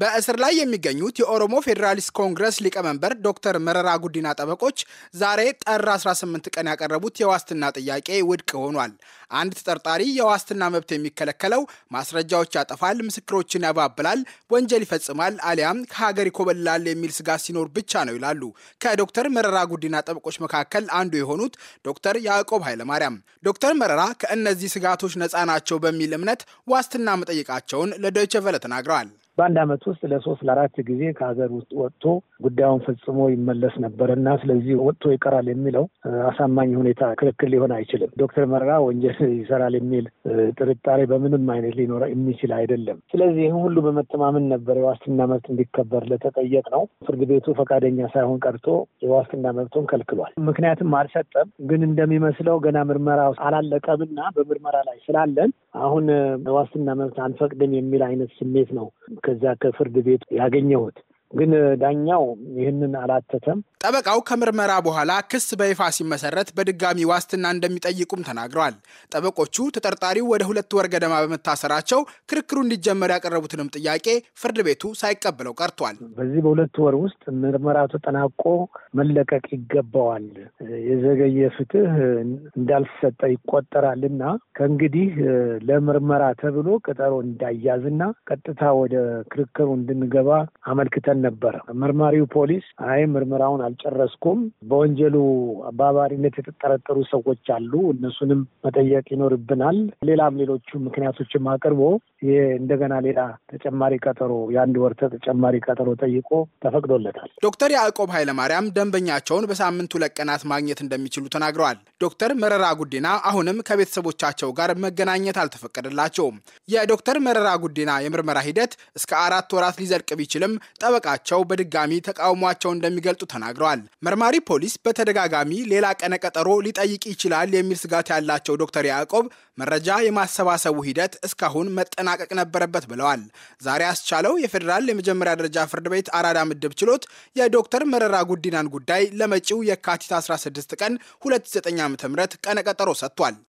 በእስር ላይ የሚገኙት የኦሮሞ ፌዴራሊስት ኮንግረስ ሊቀመንበር ዶክተር መረራ ጉዲና ጠበቆች ዛሬ ጥር 18 ቀን ያቀረቡት የዋስትና ጥያቄ ውድቅ ሆኗል። አንድ ተጠርጣሪ የዋስትና መብት የሚከለከለው ማስረጃዎች ያጠፋል፣ ምስክሮችን ያባብላል፣ ወንጀል ይፈጽማል አሊያም ከሀገር ይኮበላል የሚል ስጋት ሲኖር ብቻ ነው ይላሉ ከዶክተር መረራ ጉዲና ጠበቆች መካከል አንዱ የሆኑት ዶክተር ያዕቆብ ኃይለማርያም። ዶክተር መረራ ከእነዚህ ስጋቶች ነፃ ናቸው በሚል እምነት ዋስትና መጠየቃቸውን ለዶይቸ ቨለ ተናግረዋል። በአንድ አመት ውስጥ ለሶስት ለአራት ጊዜ ከሀገር ውስጥ ወጥቶ ጉዳዩን ፈጽሞ ይመለስ ነበር እና ስለዚህ ወጥቶ ይቀራል የሚለው አሳማኝ ሁኔታ ክርክር ሊሆን አይችልም። ዶክተር መረራ ወንጀል ይሰራል የሚል ጥርጣሬ በምንም አይነት ሊኖር የሚችል አይደለም። ስለዚህ ይህን ሁሉ በመተማመን ነበር የዋስትና መብት እንዲከበር ለተጠየቅ ነው። ፍርድ ቤቱ ፈቃደኛ ሳይሆን ቀርቶ የዋስትና መብቱን ከልክሏል። ምክንያትም አልሰጠም። ግን እንደሚመስለው ገና ምርመራ አላለቀምና በምርመራ ላይ ስላለን አሁን ዋስትና መብት አንፈቅድም የሚል አይነት ስሜት ነው ከዛ ከፍርድ ቤት ያገኘሁት ግን ዳኛው ይህንን አላተተም። ጠበቃው ከምርመራ በኋላ ክስ በይፋ ሲመሰረት በድጋሚ ዋስትና እንደሚጠይቁም ተናግረዋል። ጠበቆቹ ተጠርጣሪው ወደ ሁለት ወር ገደማ በመታሰራቸው ክርክሩ እንዲጀመር ያቀረቡትንም ጥያቄ ፍርድ ቤቱ ሳይቀበለው ቀርቷል። በዚህ በሁለት ወር ውስጥ ምርመራ ተጠናቆ መለቀቅ ይገባዋል፣ የዘገየ ፍትህ እንዳልሰጠ ይቆጠራልና ከእንግዲህ ለምርመራ ተብሎ ቀጠሮ እንዳያዝና ቀጥታ ወደ ክርክሩ እንድንገባ አመልክተን ነበረ። መርማሪው ፖሊስ አይ ምርመራውን አልጨረስኩም፣ በወንጀሉ አባባሪነት የተጠረጠሩ ሰዎች አሉ፣ እነሱንም መጠየቅ ይኖርብናል፣ ሌላም ሌሎቹ ምክንያቶችም አቅርቦ እንደገና ሌላ ተጨማሪ ቀጠሮ የአንድ ወር ተጨማሪ ቀጠሮ ጠይቆ ተፈቅዶለታል። ዶክተር ያዕቆብ ኃይለማርያም ደንበኛቸውን በሳምንቱ ለቀናት ማግኘት እንደሚችሉ ተናግረዋል። ዶክተር መረራ ጉዲና አሁንም ከቤተሰቦቻቸው ጋር መገናኘት አልተፈቀደላቸውም። የዶክተር መረራ ጉዲና የምርመራ ሂደት እስከ አራት ወራት ሊዘልቅ ቢችልም ጠበቃቸው በድጋሚ ተቃውሟቸው እንደሚገልጡ ተናግረዋል። መርማሪ ፖሊስ በተደጋጋሚ ሌላ ቀነ ቀጠሮ ሊጠይቅ ይችላል የሚል ስጋት ያላቸው ዶክተር ያዕቆብ መረጃ የማሰባሰቡ ሂደት እስካሁን መጠናቀቅ ነበረበት ብለዋል። ዛሬ አስቻለው የፌዴራል የመጀመሪያ ደረጃ ፍርድ ቤት አራዳ ምድብ ችሎት የዶክተር መረራ ጉዲናን ጉዳይ ለመጪው የካቲት 16 ቀን 2009 ዓ.ም ቀነቀጠሮ ሰጥቷል።